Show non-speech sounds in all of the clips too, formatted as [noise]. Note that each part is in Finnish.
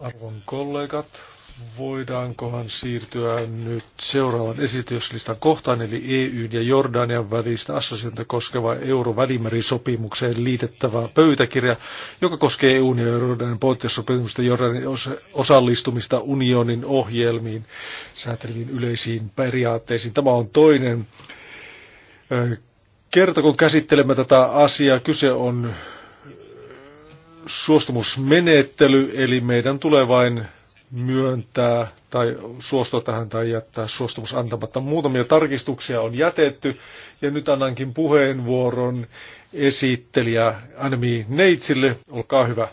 Arvon kollegat, voidaankohan siirtyä nyt seuraavan esityslistan kohtaan, eli EU ja Jordanian välistä assosiointia koskeva Euro-välimerisopimukseen liitettävä pöytäkirja, joka koskee EUn ja Jordanian poikkeussopimusta Jordanin osallistumista unionin ohjelmiin sääteleviin yleisiin periaatteisiin. Tämä on toinen kerta kun käsittelemme tätä asiaa, kyse on suostumusmenettely, eli meidän tulee vain myöntää tai suostua tähän tai jättää suostumus antamatta. Muutamia tarkistuksia on jätetty ja nyt annankin puheenvuoron esittelijä Anemi Neitsille. Olkaa hyvä.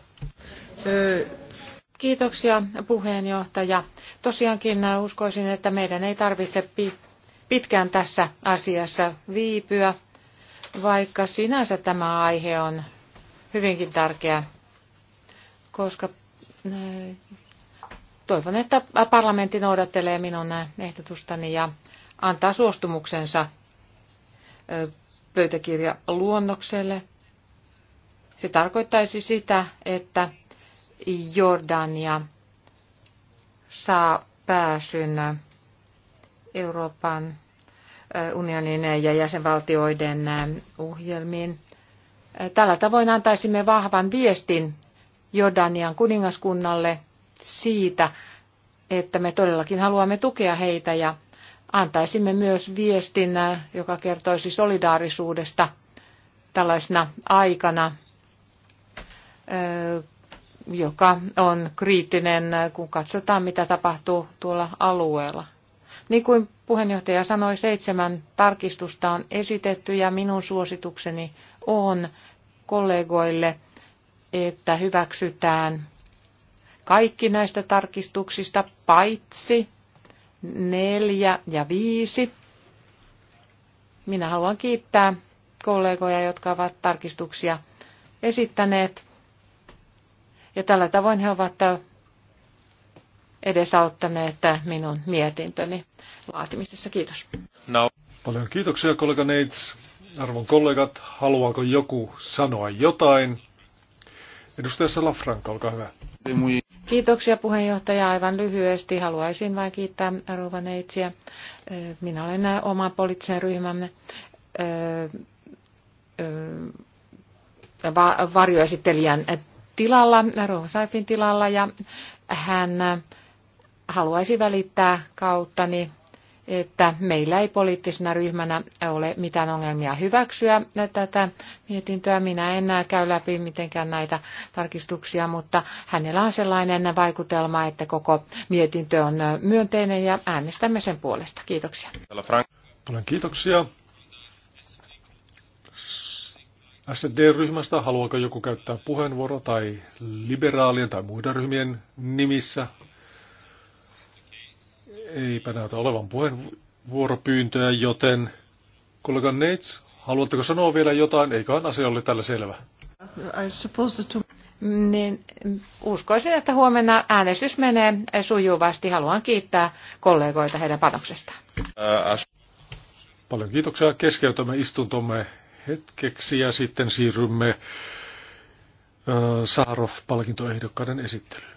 Kiitoksia puheenjohtaja. Tosiaankin äh, uskoisin, että meidän ei tarvitse pitkään tässä asiassa viipyä vaikka sinänsä tämä aihe on hyvinkin tärkeä, koska eh, toivon, että parlamentti noudattelee minun ehdotustani ja antaa suostumuksensa eh, pöytäkirja luonnokselle. Se tarkoittaisi sitä, että Jordania saa pääsyn Euroopan unionin ja jäsenvaltioiden ohjelmiin. Tällä tavoin antaisimme vahvan viestin Jordanian kuningaskunnalle siitä, että me todellakin haluamme tukea heitä ja antaisimme myös viestin, joka kertoisi solidaarisuudesta tällaisena aikana, joka on kriittinen, kun katsotaan, mitä tapahtuu tuolla alueella. Niin kuin Puheenjohtaja sanoi, seitsemän tarkistusta on esitetty ja minun suositukseni on kollegoille, että hyväksytään kaikki näistä tarkistuksista paitsi neljä ja viisi. Minä haluan kiittää kollegoja, jotka ovat tarkistuksia esittäneet. Ja tällä tavoin he ovat edesauttaneet minun mietintöni laatimisessa. Kiitos. No. Paljon kiitoksia kollega Neits. Arvon kollegat, haluaako joku sanoa jotain? Edustaja Salafranka, olkaa hyvä. Kiitoksia puheenjohtaja. Aivan lyhyesti haluaisin vain kiittää Ruva Neitsiä. Minä olen oma poliittisen ryhmämme varjoesittelijän tilalla, Ruva Saifin tilalla ja hän haluaisi välittää kauttani, että meillä ei poliittisena ryhmänä ole mitään ongelmia hyväksyä tätä mietintöä. Minä en enää käy läpi mitenkään näitä tarkistuksia, mutta hänellä on sellainen vaikutelma, että koko mietintö on myönteinen ja äänestämme sen puolesta. Kiitoksia. Paljon kiitoksia. SD-ryhmästä, haluaako joku käyttää puheenvuoro tai liberaalien tai muiden ryhmien nimissä? Eipä näytä olevan puheenvuoropyyntöä, joten kollega Neitz, haluatteko sanoa vielä jotain? Eiköhän asia ole tällä selvä. To... Niin, uskoisin, että huomenna äänestys menee sujuvasti. Haluan kiittää kollegoita heidän panoksestaan. Paljon kiitoksia. Keskeytämme istuntomme hetkeksi ja sitten siirrymme äh, Saarov-palkintoehdokkaiden esittelyyn.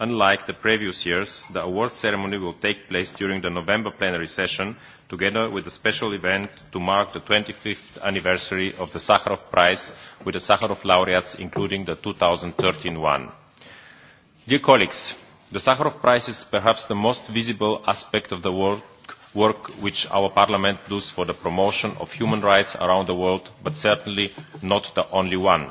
Unlike the previous years, the award ceremony will take place during the November plenary session, together with a special event to mark the 25th anniversary of the Sakharov Prize, with the Sakharov laureates, including the 2013 one. Dear colleagues, the Sakharov Prize is perhaps the most visible aspect of the work, work which our Parliament does for the promotion of human rights around the world, but certainly not the only one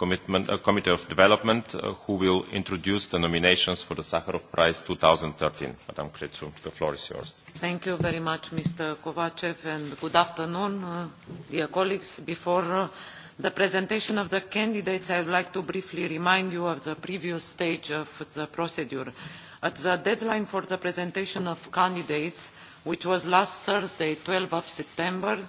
Uh, Committee of Development, uh, who will introduce the nominations for the Sakharov Prize 2013. Madam Kretsu, the floor is yours. Thank you very much, Mr. Kovachev, and good afternoon, uh, dear colleagues. Before uh, the presentation of the candidates, I would like to briefly remind you of the previous stage of the procedure. At the deadline for the presentation of candidates, which was last Thursday, 12 of September,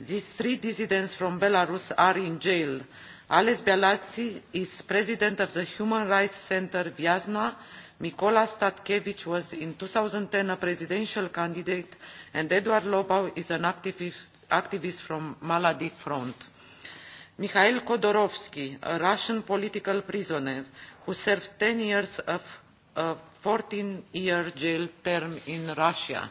these three dissidents from belarus are in jail. ales bialatski is president of the human rights centre viasna mikola statkevich was in two thousand and ten a presidential candidate and eduard lobau is an activist, from the maladi front. mikhail khodorkovsky a russian political prisoner who served ten years of a fourteen year jail term in russia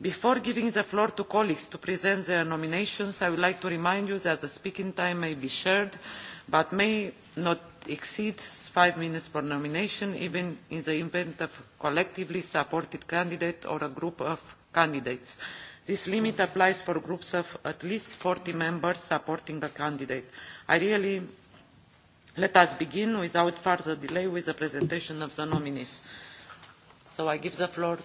before giving the floor to colleagues to present their nominations i would like to remind you that the speaking time may be shared but may not exceed five minutes per nomination even in the event of a collectively supported candidate or a group of candidates. this limit applies for groups of at least forty members supporting a candidate. really let us begin without further delay with the presentation of the nominees. so i give the floor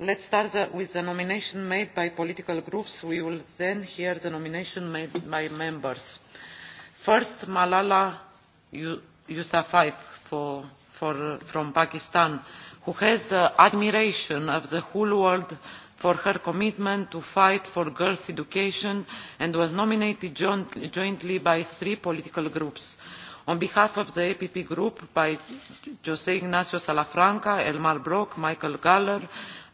let us start with the nominations made by political groups. we will then hear the nominations made by members. first malala yousafzai for, from pakistan who has the uh, admiration of the whole world for her commitment to fight for girls' education and was nominated jointly by three political groups on behalf of the epp group by jos ignacio salafranca elmar brok michael gahler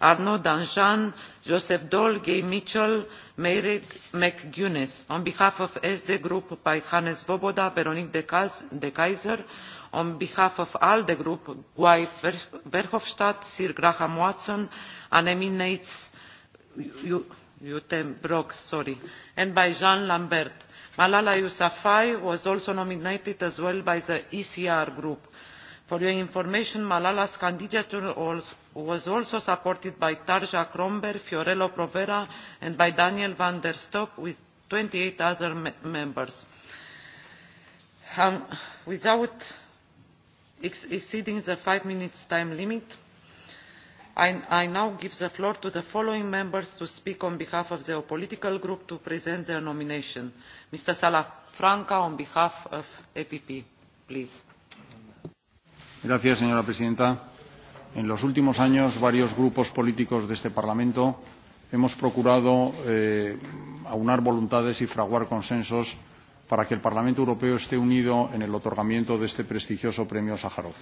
arnaud danjean joseph daul gay mitchell mairead mcguinness. on behalf of the sd group by hannes swoboda veronique de keyser on behalf of alde group guy verhofstadt sir graham watson annemie neitz jutta brok sorry and by jean lambert. malala yousafzai was also nominated as well by the ecr group for your information malala's candidature was also supported by tarja kromberg fiorello provera and by daniel van der stoep with twenty eight other members. Um, without exceeding the five minutes time limit I, now give the floor to the following members to speak on behalf of their political group to present their nomination mr salafranca on behalf of the epp please señora presidenta. En los últimos años, varios grupos políticos de este Parlamento hemos procurado eh, aunar voluntades y fraguar consensos para que el Parlamento Europeo esté unido en el otorgamiento de este prestigioso premio Sájarov.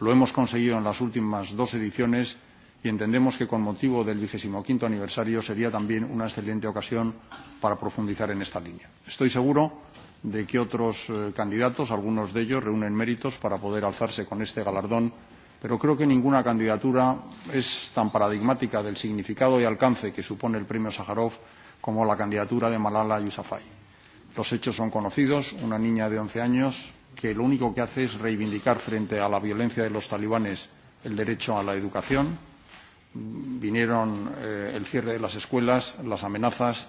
Lo hemos conseguido en las últimas dos ediciones y entendemos que con motivo del vigesimoquinto aniversario sería también una excelente ocasión para profundizar en esta línea. Estoy seguro de de que otros eh, candidatos, algunos de ellos, reúnen méritos para poder alzarse con este galardón, pero creo que ninguna candidatura es tan paradigmática del significado y alcance que supone el premio Sájarov como la candidatura de Malala Yousafzai. Los hechos son conocidos, una niña de 11 años que lo único que hace es reivindicar frente a la violencia de los talibanes el derecho a la educación. Vinieron eh, el cierre de las escuelas, las amenazas,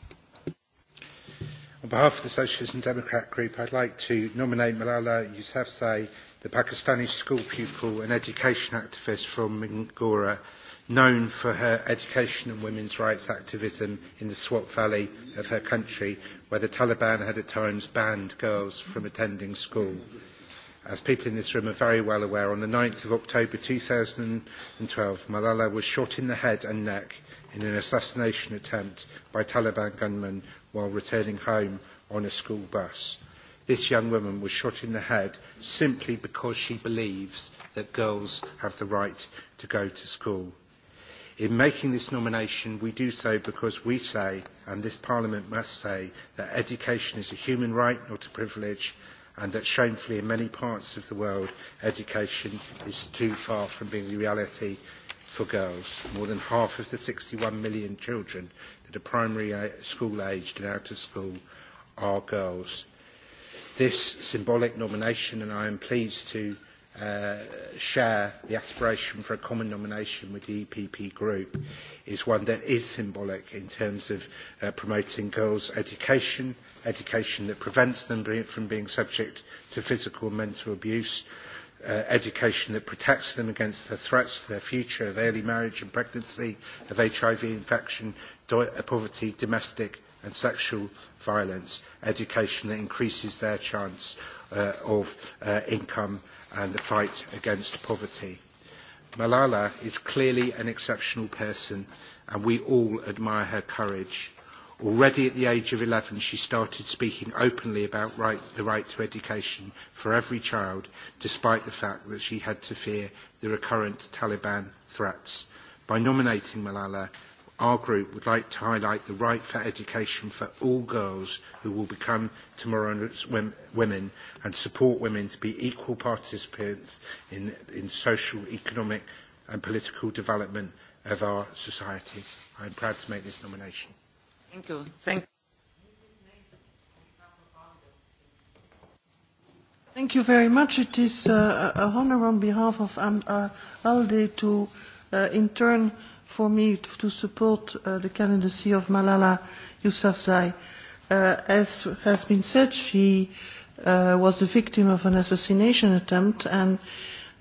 On behalf of the Socialist and Democrat Group, I'd like to nominate Malala Yousafzai, the Pakistani school pupil and education activist from Mingora, known for her education and women's rights activism in the Swat Valley of her country, where the Taliban had at times banned girls from attending school. As people in this room are very well aware, on the 9th of October 2012, Malala was shot in the head and neck in an assassination attempt by Taliban gunmen while returning home on a school bus. This young woman was shot in the head simply because she believes that girls have the right to go to school. In making this nomination, we do so because we say, and this Parliament must say, that education is a human right, not a privilege, and that shamefully in many parts of the world, education is too far from being the reality for girls. More than half of the 61 million children that are primary school aged and out of school are girls. This symbolic nomination, and I am pleased to uh, share the aspiration for a common nomination with the EPP group, is one that is symbolic in terms of uh, promoting girls' education, education that prevents them from being subject to physical and mental abuse, Uh, education that protects them against the threats to their future of early marriage and pregnancy, of HIV infection, uh, poverty, domestic and sexual violence, education that increases their chance uh, of uh, income and the fight against poverty. Malala is clearly an exceptional person and we all admire her courage Already at the age of 11, she started speaking openly about right, the right to education for every child, despite the fact that she had to fear the recurrent Taliban threats. By nominating Malala, our group would like to highlight the right for education for all girls who will become tomorrow's women and support women to be equal participants in, in social, economic and political development of our societies. I am proud to make this nomination. Thank you. Thank Thank you very much. It is uh, a honor on behalf of um, uh, ALDE to, uh, in turn, for me to, to support uh, the candidacy of Malala Yousafzai. Uh, as has been said, she uh, was the victim of an assassination attempt, and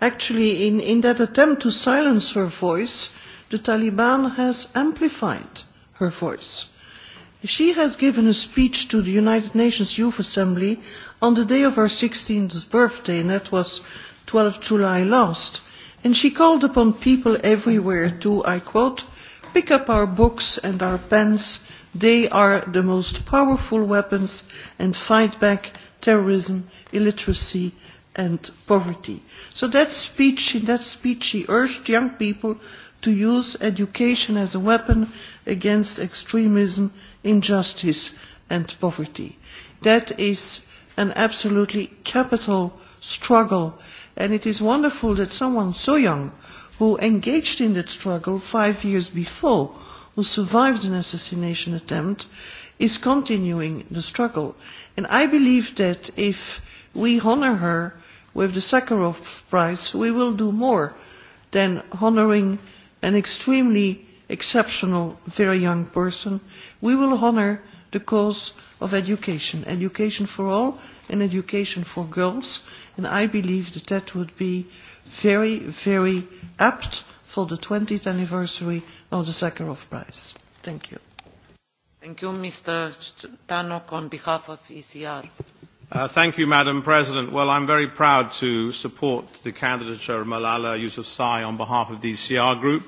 actually, in, in that attempt to silence her voice, the Taliban has amplified her voice. Uh, She has given a speech to the United Nations Youth Assembly on the day of her 16th birthday, and that was 12 July last. And she called upon people everywhere to, I quote, pick up our books and our pens. They are the most powerful weapons and fight back terrorism, illiteracy, and poverty. So that speech, in that speech, she urged young people to use education as a weapon against extremism injustice and poverty. That is an absolutely capital struggle and it is wonderful that someone so young who engaged in that struggle five years before, who survived an assassination attempt, is continuing the struggle. And I believe that if we honor her with the Sakharov Prize, we will do more than honoring an extremely exceptional, very young person, we will honour the cause of education, education for all and education for girls. And I believe that that would be very, very apt for the 20th anniversary of the Sakharov Prize. Thank you. Thank you, Mr. Tanok, on behalf of ECR. Uh, thank you, Madam President. Well, I'm very proud to support the candidature of Malala Yousafzai on behalf of the ECR group.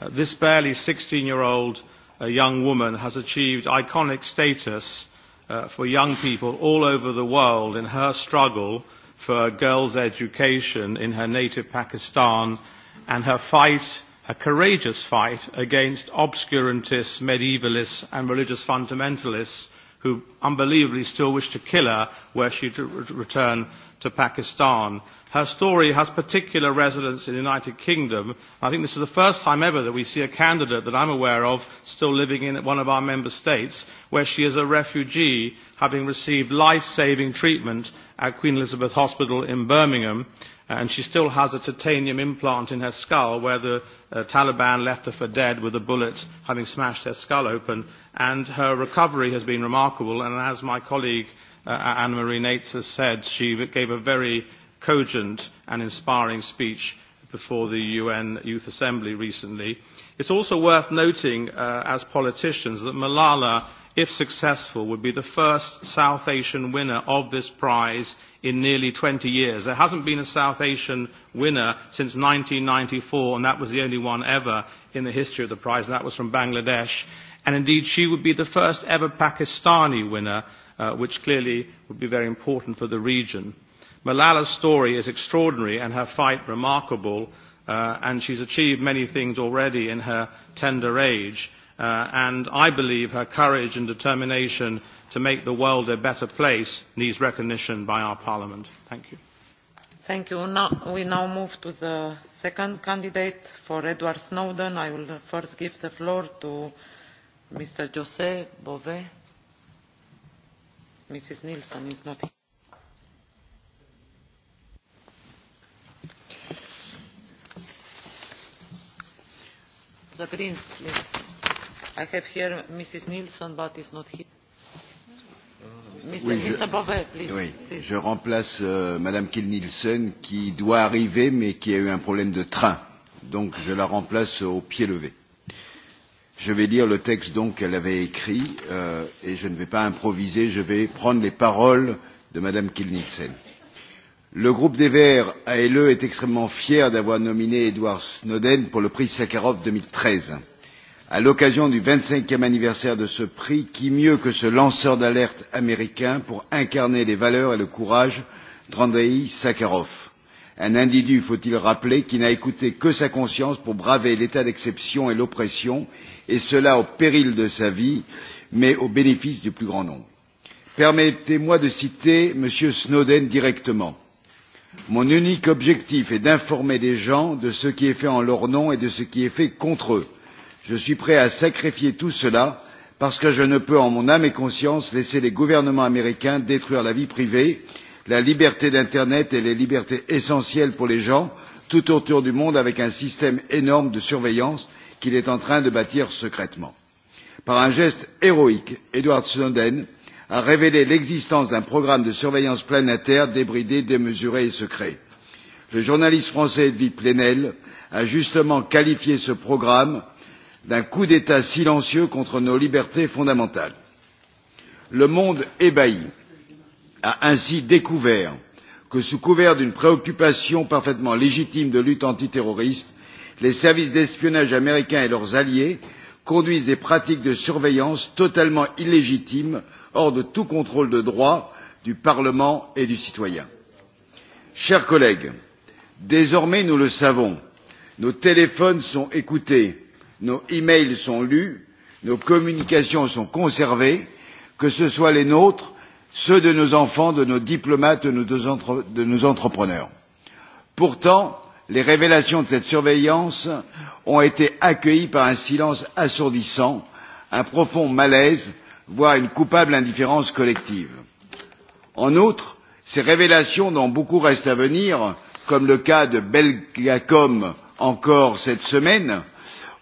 Uh, this barely 16-year-old uh, young woman has achieved iconic status uh, for young people all over the world in her struggle for girls' education in her native Pakistan and her fight, a courageous fight against obscurantists, medievalists and religious fundamentalists who unbelievably still wish to kill her where she to return to Pakistan. Her story has particular resonance in the United Kingdom. I think this is the first time ever that we see a candidate that I'm aware of still living in one of our member states, where she is a refugee having received life-saving treatment at Queen Elizabeth Hospital in Birmingham and she still has a titanium implant in her skull where the uh, Taliban left her for dead with a bullet having smashed her skull open. And her recovery has been remarkable, and as my colleague Uh, Anne Marie Nates has said, she gave a very cogent and inspiring speech before the UN Youth Assembly recently. It's also worth noting uh, as politicians that Malala, if successful, would be the first South Asian winner of this prize in nearly 20 years. There hasn't been a South Asian winner since 1994, and that was the only one ever in the history of the prize, and that was from Bangladesh. And indeed, she would be the first ever Pakistani winner, Uh, which clearly would be very important for the region. Malala's story is extraordinary and her fight remarkable, uh, and she's achieved many things already in her tender age. Uh, and I believe her courage and determination to make the world a better place needs recognition by our Parliament. Thank you. Thank you. Now, we now move to the second candidate for Edward Snowden. I will first give the floor to Mr. jose bove. Mrs. Nilsson is not The Greens, please. I have here Mrs. Nilsson, but is not here. Mr. je, please, oui, je remplace euh, Madame Nielsen qui doit arriver mais qui a eu un problème de train. Donc je la remplace au pied levé. Je vais lire le texte donc qu'elle avait écrit euh, et je ne vais pas improviser, je vais prendre les paroles de Madame Kilnitsen. Le groupe des Verts ALE est extrêmement fier d'avoir nominé Edward Snowden pour le prix Sakharov 2013. À l'occasion du 25e anniversaire de ce prix, qui mieux que ce lanceur d'alerte américain pour incarner les valeurs et le courage d'Andrei Sakharov un individu faut il le rappeler qui n'a écouté que sa conscience pour braver l'état d'exception et l'oppression et cela au péril de sa vie mais au bénéfice du plus grand nombre. permettez moi de citer m. snowden directement mon unique objectif est d'informer les gens de ce qui est fait en leur nom et de ce qui est fait contre eux. je suis prêt à sacrifier tout cela parce que je ne peux en mon âme et conscience laisser les gouvernements américains détruire la vie privée et la liberté d'internet est les libertés essentielles pour les gens tout autour du monde avec un système énorme de surveillance qu'il est en train de bâtir secrètement. par un geste héroïque edward snowden a révélé l'existence d'un programme de surveillance planétaire débridé démesuré et secret. le journaliste français edwy plenel a justement qualifié ce programme d'un coup d'état silencieux contre nos libertés fondamentales. le monde ébahi a ainsi découvert que sous couvert d'une préoccupation parfaitement légitime de lutte antiterroriste les services d'espionnage américains et leurs alliés conduisent des pratiques de surveillance totalement illégitimes hors de tout contrôle de droit du parlement et du citoyen. chers collègues désormais nous le savons nos téléphones sont écoutés nos e mails sont lus nos communications sont conservées que ce soit les nôtres ceux de nos enfants, de nos diplomates, de nos, de entrepreneurs. Pourtant, les révélations de cette surveillance ont été accueillies par un silence assourdissant, un profond malaise, voire une coupable indifférence collective. En outre, ces révélations dont beaucoup restent à venir, comme le cas de Belgacom encore cette semaine,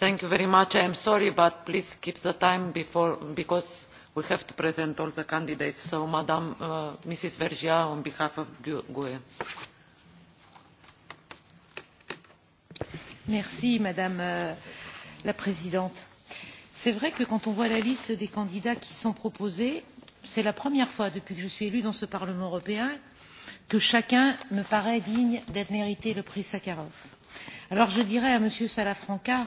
thank you very much. i am sorry but please keep the time because we have to present all the candidates. so ms uh, vergiat on behalf of gue. Merci, madame euh, la présidente c'est vrai que quand on voit la liste des candidats qui sont proposés c'est la première fois depuis que je suis élue dans ce parlement européen que chacun me paraît digne d'être mérité le prix sakharov. alors je dirais à m. salafranca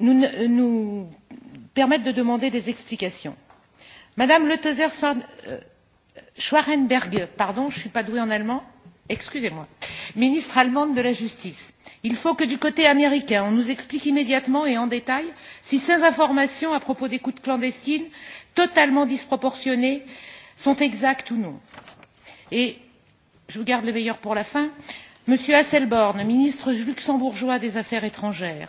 nous, permettent de demander des explications. madame lthauser euh, schwarzenberg pardon je ne suis pas douée en allemand excusez moi ministre allemande de la justice il faut que du côté américain on nous explique immédiatement et en détail si ces informations à propos d'écoutes clandestines totalement disproportionnées sont exactes ou non. et je vous garde le meilleur pour la fin monsieur hasselborn ministre luxembourgeois des affaires étrangères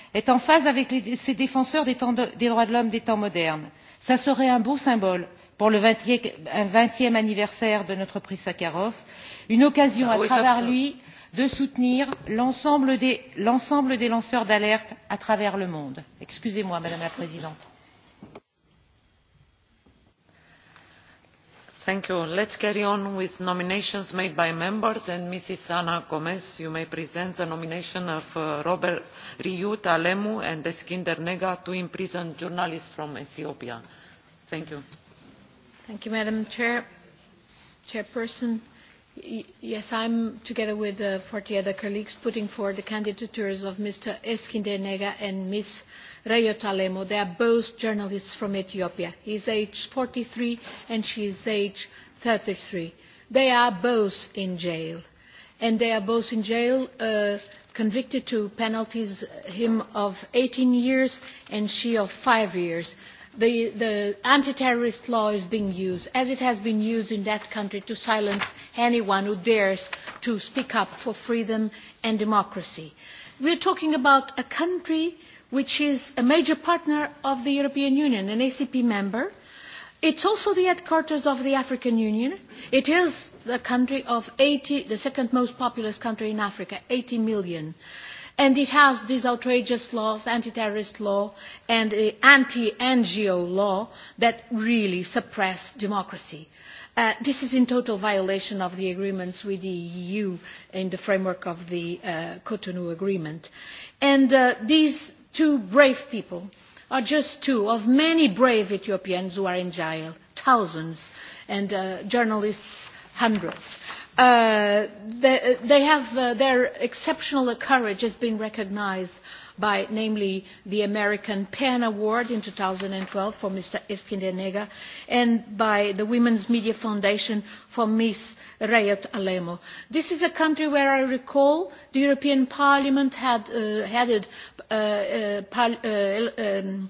et est en phase avec ces défenseurs des droits de l'homme des temps modernes. ce serait un beau symbole pour le vingtième anniversaire de notre prix sakharov une occasion ah à travers lui de soutenir l'ensemble des lanceurs d'alerte à travers le monde. excusez moi madame la présidente. Thank you. Let's carry on with nominations made by members. And Mrs. Ana Gomez, you may present the nomination of uh, Robert Riut Alemu and Eskinder Nega, two imprisoned journalists from Ethiopia. Thank you. Thank you, Madam Chair. Chairperson, yes, I'm, together with uh, 40 other colleagues, putting forward the candidatures of Mr. Eskinder Nega and Ms. Rayo Talemo. They are both journalists from Ethiopia. He is age 43 and she is age 33. They are both in jail. And they are both in jail, uh, convicted to penalties, him of 18 years and she of 5 years. The, the anti-terrorist law is being used, as it has been used in that country, to silence anyone who dares to speak up for freedom and democracy. We are talking about a country uh, which is a major partner of the European Union, an ACP member. It's also the headquarters of the African Union. It is the country of 80, the second most populous country in Africa, 80 million. And it has these outrageous laws, anti-terrorist law and the anti-NGO law that really suppress democracy. Uh, this is in total violation of the agreements with the EU in the framework of the uh, Cotonou Agreement. And uh, these two brave people are just two of many brave ethiopians who are in jail thousands and uh, journalists hundreds. Uh, they, have, uh, their exceptional courage has been recognised by namely the American PEN Award in 2012 for Mr. Esquindenega and by the Women's Media Foundation for Ms. Reyot Alemo. This is a country where I recall the European Parliament had uh, headed uh, uh, par- uh, um,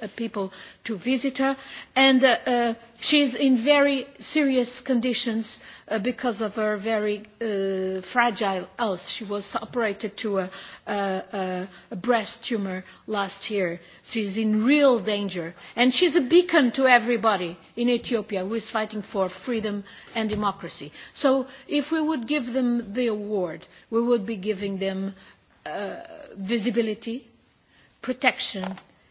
Uh, people to visit her. And uh, uh, in very serious conditions uh, because of her very uh, fragile health. She was operated to a, a, a breast tumor last year. She's in real danger. And she's a beacon to everybody in Ethiopia who is fighting for freedom and democracy. So if we would give them the award, we would be giving them uh, visibility, protection,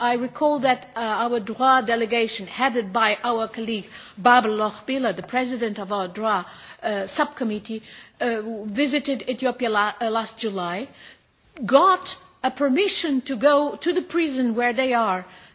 I recall that uh, our droi delegation, headed by our colleague Babel Lochbihler, the president of our droi uh, subcommittee, uh, visited Ethiopia last July, got a permission to go to the prison where they are,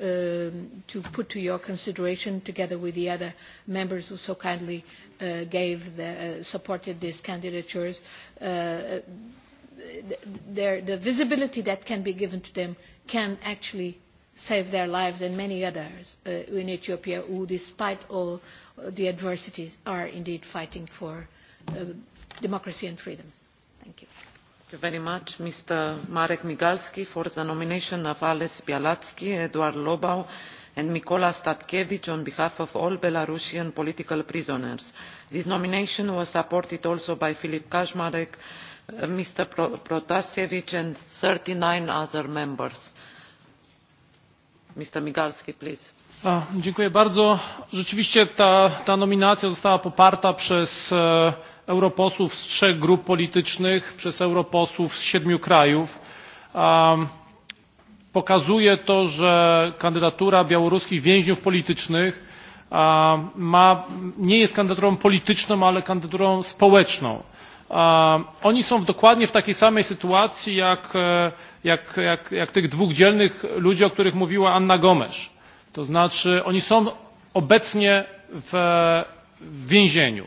Um, to put to your consideration together with the other members who so kindly uh, gave the, uh, supported these candidatures. Uh, the visibility that can be given to them can actually save their lives and many others uh, in Ethiopia who, despite all the adversities, are indeed fighting for uh, democracy and freedom. Thank you marek migalski for the nomination of ales bialatski eduard lobau and mikola statkevich on behalf of all belarusian political prisoners. this nomination was supported also by filip kaczmarek uh, mr protasevich and thirty nine other members. migalski rzeczywiście ta, nominacja została poparta przez e, europosłów z trzech grup politycznych przez europosłów z siedmiu krajów. Pokazuje to, że kandydatura białoruskich więźniów politycznych ma, nie jest kandydaturą polityczną, ale kandydaturą społeczną. Oni są dokładnie w takiej samej sytuacji e, jak, jak, tych dwóch dzielnych ludzi, o których mówiła Anna Gomesz. To znaczy oni są obecnie w więzieniu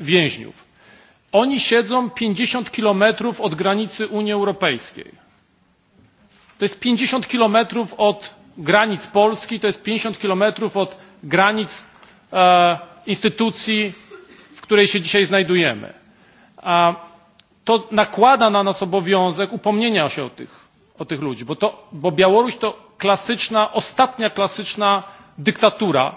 więźniów. Oni siedzą 50 kilometrów od granicy Unii Europejskiej. To jest 50 kilometrów od granic Polski, to jest 50 kilometrów od granic e, instytucji, w której się dzisiaj znajdujemy. A to nakłada na nas obowiązek upomnienia się o tych, o tych ludzi, bo, to, bo Białoruś to klasyczna, ostatnia klasyczna dyktatura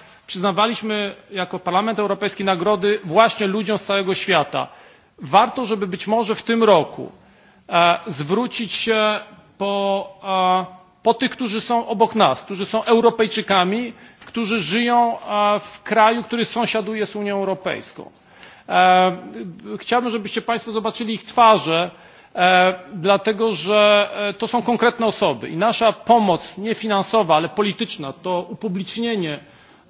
przyznawaliśmy jako parlament europejski nagrody właśnie ludziom z całego świata warto żeby być może w tym roku e, zwrócić się po, e, po tych którzy są obok nas którzy są europejczykami którzy żyją e, w kraju który sąsiaduje z unią europejską. chciałbym żebyście państwo zobaczyli ich twarze dlatego że to są konkretne osoby i nasza pomoc nie finansowa ale polityczna to upublicznienie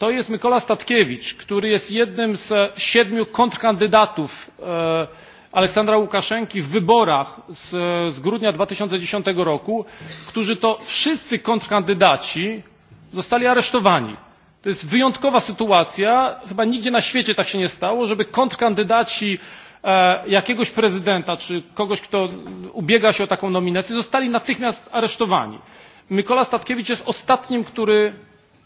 to jest Mykola Statkiewicz, który jest jednym z e, siedmiu kontrkandydatów e, Aleksandra Łukaszenki w wyborach z, grudnia dwa tysiące dziesięć roku, którzy to wszyscy kontrkandydaci zostali aresztowani. To jest wyjątkowa sytuacja, chyba nigdzie na świecie tak się nie stało, żeby kontrkandydaci e, jakiegoś prezydenta czy kogoś, kto ubiega się o taką nominację, zostali natychmiast aresztowani. Mykola Statkiewicz jest ostatnim, który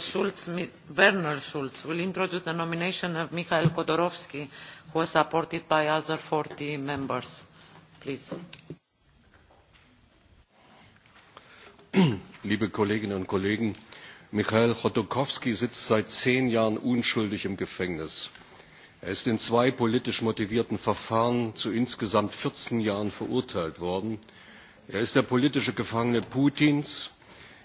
Schulz, Werner Schulz will introduce the nomination of Mikhail Khodorkovsky, who was supported by other 40 members. [clears throat] Liebe Kolleginnen und Kollegen, Mikhail Chodorkowski sitzt seit zehn Jahren unschuldig im Gefängnis. Er ist in zwei politisch motivierten Verfahren zu insgesamt 14 Jahren verurteilt worden. Er ist der politische Gefangene Putins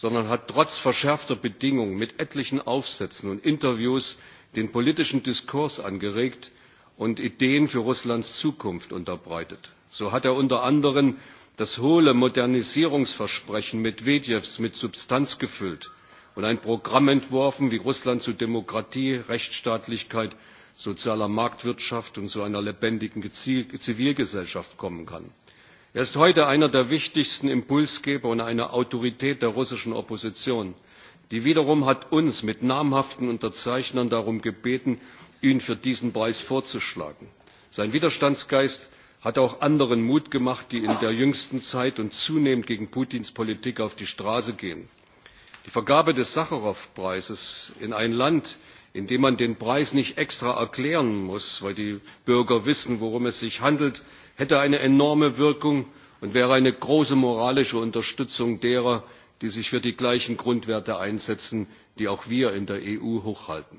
sondern hat trotz verschärfter bedingungen mit etlichen aufsätzen und interviews den politischen diskurs angeregt und ideen für russlands zukunft unterbreitet. so hat er unter anderem das hohle modernisierungsversprechen medwedews mit substanz gefüllt und ein programm entworfen wie russland zu demokratie rechtsstaatlichkeit sozialer marktwirtschaft und zu einer lebendigen zivilgesellschaft kommen kann er ist heute einer der wichtigsten impulsgeber und eine autorität der russischen opposition die wiederum hat uns mit namhaften unterzeichnern darum gebeten ihn für diesen preis vorzuschlagen. sein widerstandsgeist hat auch anderen mut gemacht die in der jüngsten zeit und zunehmend gegen putins politik auf die straße gehen. die vergabe des sacharow preises in ein land indem man den preis nicht extra erklären muss weil die bürger wissen worum es sich handelt hätte eine enorme wirkung und wäre eine große moralische unterstützung derer die sich für die gleichen grundwerte einsetzen die auch wir in der eu hochhalten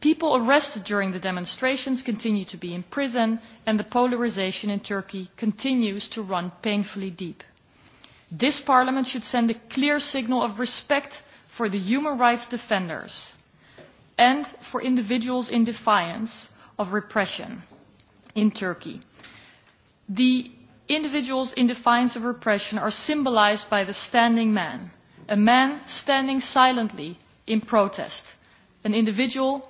people arrested during the demonstrations continue to be in prison and the polarisation in turkey continues to run painfully deep. this parliament should send a clear signal of respect for the human rights defenders and for individuals in defiance of repression in turkey. the individuals in defiance of repression are symbolised by the standing man a man standing silently in protest an individual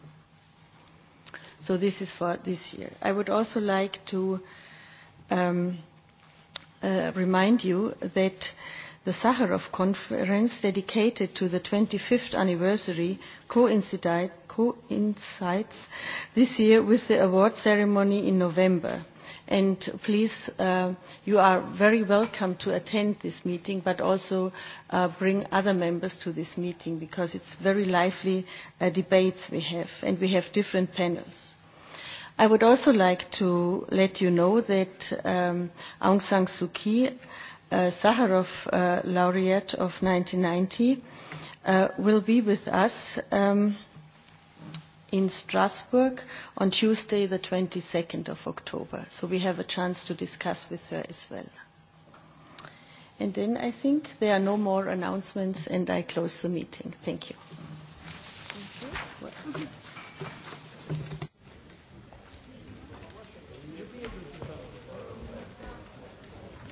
So this is for this year. I would also like to um, uh, remind you that the Sakharov conference dedicated to the 25th anniversary coincides coincides this year with the award ceremony in November and please uh, you are very welcome to attend this meeting but also uh, bring other members to this meeting because it's very lively uh, debates we have and we have different panels. I would also like to let you know that um, Aung San Suu Kyi, uh, Sakharov uh, laureate of 1990, uh, will be with us um, in Strasbourg on Tuesday, the 22nd of October. So we have a chance to discuss with her as well. And then I think there are no more announcements, and I close the meeting. Thank you. Thank you.